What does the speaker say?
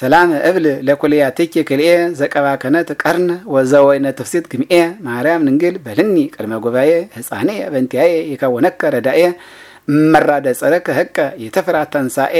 ሰላም እብል ለኩልያቲኪ ክልኤ ዘቀባከነት ቀርን ወዘወይነ ተፍሲት ግምኤ ማርያም ንግል በልኒ ቅድመ ጉባኤ ህፃኔ በንቲያየ የካወነከ ረዳኤ መራደ ጸረከ ህቀ የተፈራ ተንሳኤ